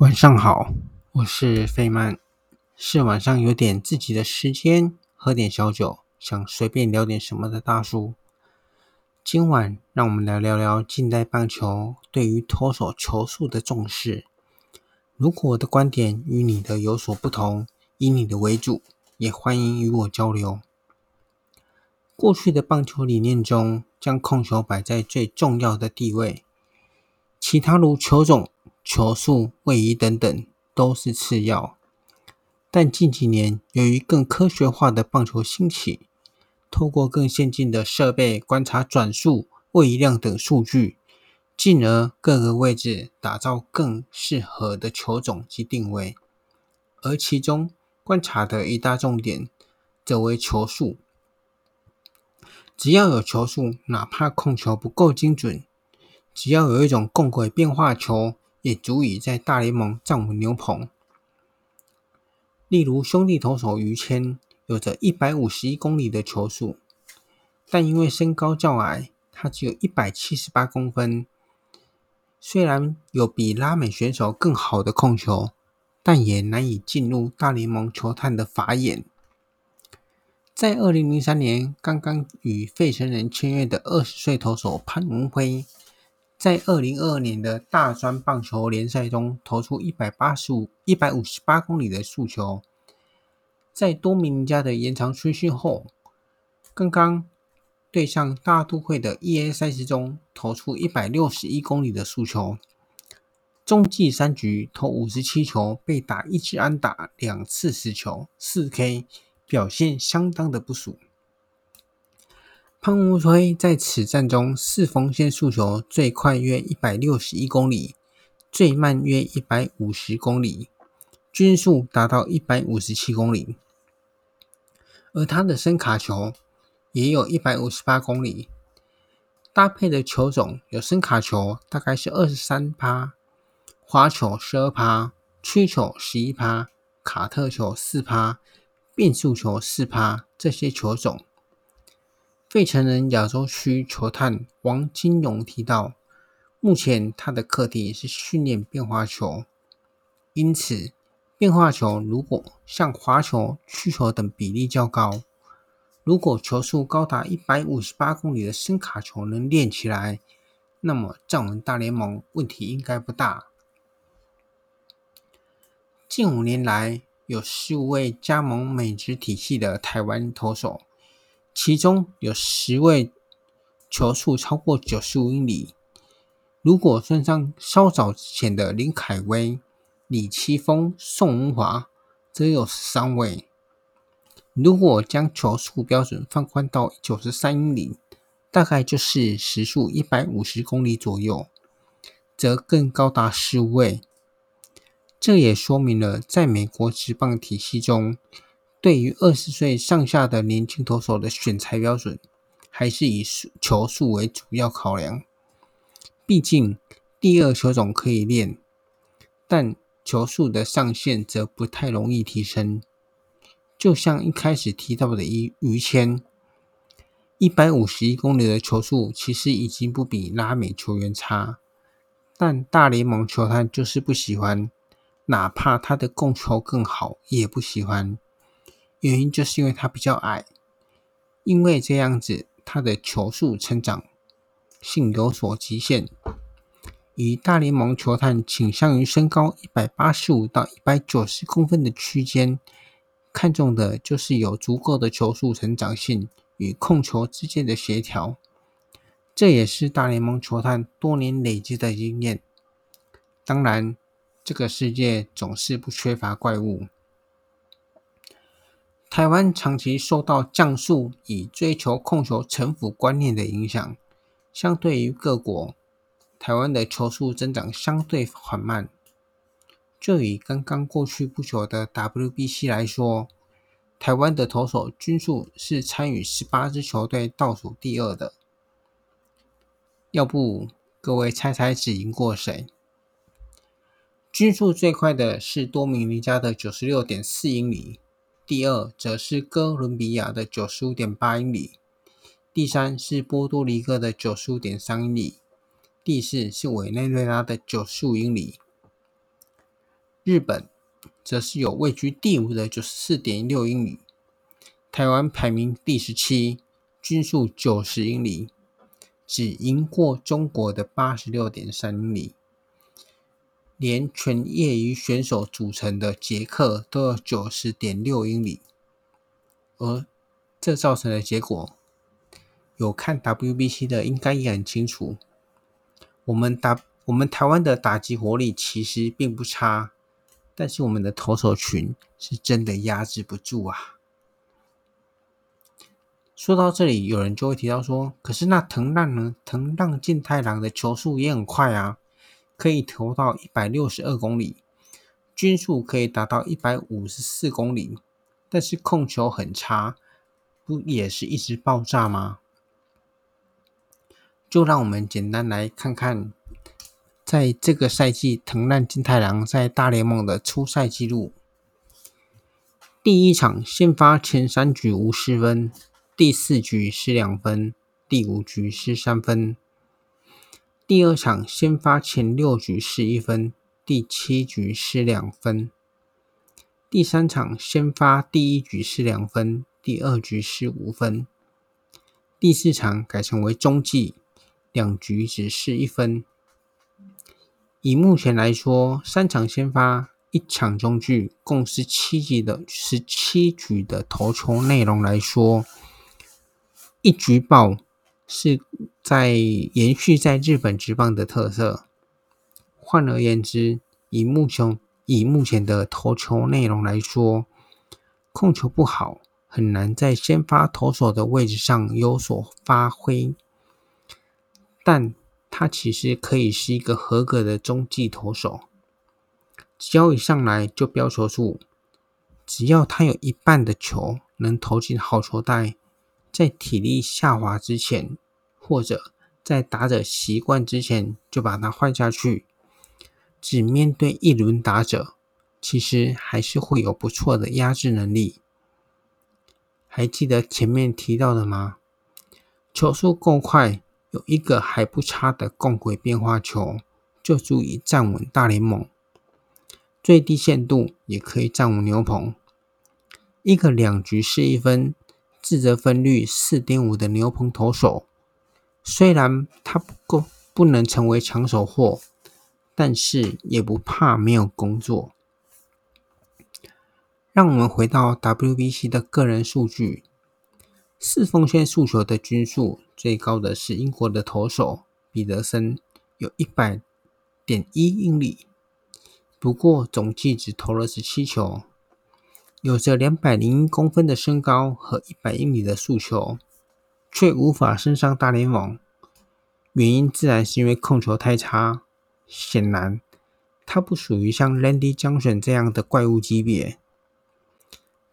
晚上好，我是費曼，是晚上有點自己的時間，喝點小酒，想隨便聊點什麼的大叔。今晚讓我們來聊聊近代棒球對於投手球速的重視。如果我的觀點與你的有所不同，以你的為主，也歡迎與我交流。過去的棒球理念中，將控球擺在最重要的地位，其他如球種，球速、位移等等都是次要，但近幾年由於更科學化的棒球興起，透過更先進的設備觀察轉速、位移量等數據，進而各個位置打造更適合的球種及定位。而其中觀察的一大重點，則為球速。只要有球速，哪怕控球不夠精準，只要有一種共軌變化球。也足以在大聯盟站穩牛棚。例如，兄弟投手於謙有着一百五十一公里的球速，但因為身高較矮，他只有一百七十八公分。雖然有比拉美選手更好的控球，但也難以進入大聯盟球探的法眼。在二零零三年剛剛與費城人簽約的二十歲投手潘文輝。在二零二二年的大專棒球聯賽中投出一百八十五、一百五十八公里的速球，在多明尼加的延長春訓後，剛剛對上大都會的 EA 賽事中投出一百六十一公里的速球，中繼三局投五十七球，被打一支安打，兩次失球，四 K，表現相當的不俗。胖烏龜在此戰中四縫線速球最快約一百六十一公里，最慢約一百五十公里，均速達到一百五十七公里。而他的伸卡球也有一百五十八公里，搭配的球種有伸卡球，大概是二十三趴，滑球12趴，曲球十一趴，卡特球四趴，變速球四趴，這些球種。費城人亞洲區球探王金榮提到，目前他的課題是訓練變化球，因此變化球如果像滑球、曲球等比例較高，如果球速高達一百五十八公里的伸卡球能練起來，那麼站穩大聯盟問題應該不大。近五年來，有十五位加盟美職體系的台灣投手。其中有十位球速超過九十五英里，如果算上稍早之前的林凱威、李其峰、宋文華，則有十三位。如果將球速標準放寬到九十三英里，大概就是時速一百五十公里左右，則更高達十五位。這也說明了在美國職棒體系中，對於二十歲上下的年輕投手的選材標準，還是以球速為主要考量。畢竟第二球種可以練，但球速的上限則不太容易提升。就像一開始提到的余余謙，一百五十一公里的球速其實已經不比拉美球員差，但大聯盟球探就是不喜歡，哪怕他的控球更好，也不喜歡。原因就是因為他比較矮，因為這樣子他的球速成長性有所極限。與大聯盟球探傾向於身高一百八十五到一百九十公分的區間，看重的就是有足夠的球速成長性與控球之間的協調。這也是大聯盟球探多年累積的經驗。當然，這個世界總是不缺乏怪物。台灣長期受到降速以追求控球城府觀念的影響，相對於各國，台灣的球速增長相對緩慢。就以剛剛過去不久的 WBC 來說，台灣的投手均速是參與十八支球隊倒數第二的。要不，各位猜猜只贏過誰？均速最快的是多米尼加的九十六點四英里。第二則是哥倫比亞的九十五點八英里，第三是波多黎各的九十五點三英里，第四是委內瑞拉的九十五英里。日本則是有位居第五的九十四點六英里，台灣排名第十七，均數九十英里，只贏過中國的八十六點三英里。連全業餘選手組成的捷克都有九十點六英里，而這造成的結果，有看 WBC 的應該也很清楚。我們打我們台灣的打擊火力其實並不差，但是我們的投手群是真的壓制不住啊。說到這裡，有人就會提到說：“可是那藤浪呢？藤浪晉太郎的球速也很快啊。”可以投到一百六十二公里，均速可以達到一百五十四公里，但是控球很差，不也是一直爆炸嗎？就讓我們簡單來看看，在這個賽季，藤浪晉太郎在大聯盟的出賽記錄：第一場先發前三局無失分，第四局失兩分，第五局失三分。第二場先發前六局是一分，第七局是兩分。第三場先發第一局是兩分，第二局是五分。第四場改成為中繼，兩局只是一分。以目前來說，三場先發，一場中繼，共十七局的十七局的投球內容來說，一局爆是。在延續在日本職棒的特色。換而言之，以目前以目前的投球內容來說，控球不好，很難在先發投手的位置上有所發揮。但他其實可以是一個合格的中繼投手，只要一上來就飆球速，只要他有一半的球能投進好球帶，在體力下滑之前，或者在打者習慣之前就把它換下去，只面對一輪打者，其實還是會有不錯的壓制能力。還記得前面提到的嗎？球速夠快，有一個還不差的共軌變化球，就足以站穩大聯盟，最低限度也可以站穩牛棚。一個兩局失一分，自責分率四點五的牛棚投手。雖然他不夠不能成為搶手貨，但是也不怕沒有工作。讓我們回到 WBC 的個人數據，四縫線速球的均數最高的是英國的投手彼得森，有一百點一英里，不過總計只投了十七球，有着兩百零一公分的身高和一百英里的速球。卻無法升上大聯盟，原因自然是因為控球太差。顯然，它不屬於像 Randy 江選這樣的怪物級別。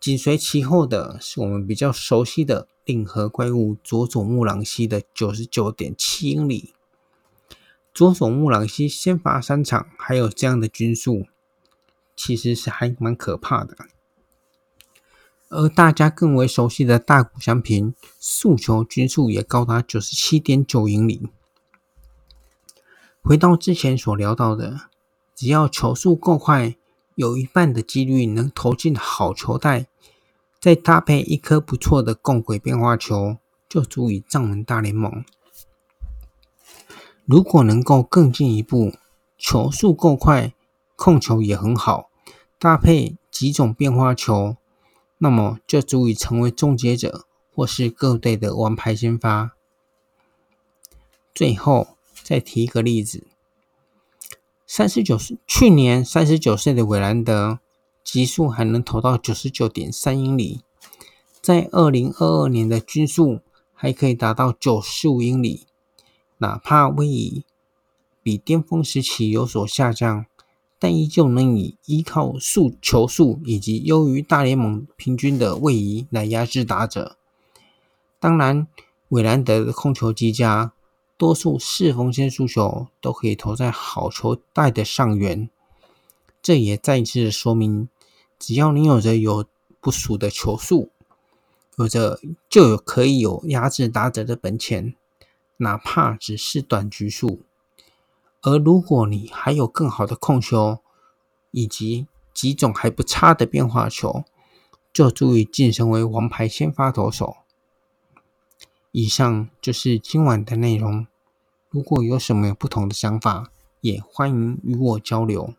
緊隨其後的是我們比較熟悉的令和怪物佐佐木朗希的九十九點七英里。佐佐木朗希先發三場，還有這樣的均速，其實是還蠻可怕的。而大家更為熟悉的大谷翔平，速球均速也高達九十七點九英里。回到之前所聊到的，只要球速夠快，有一半的幾率能投進好球帶，再搭配一顆不錯的共軌變化球，就足以站穩大聯盟。如果能夠更進一步，球速夠快，控球也很好，搭配幾種變化球。那麼就足以成為終結者，或是各隊的王牌先發。最後再提一個例子：三十九歲，去年三十九歲的韋蘭德，極速還能投到九十九點三英里，在二零二二年的均速還可以達到九十五英里，哪怕位移比巔峰時期有所下降。但依舊能以依靠球速球數以及優於大聯盟平均的位移來壓制打者。當然，韋蘭德的控球極佳，多數四縫線速球都可以投在好球帶的上緣。這也再一次說明，只要你有着有不俗的球速，有着就有可以有壓制打者的本錢，哪怕只是短局數。而如果你還有更好的控球，以及幾種還不差的變化球，就足以晉升為王牌先發投手。以上就是今晚的內容，如果有什麼不同的想法，也歡迎與我交流。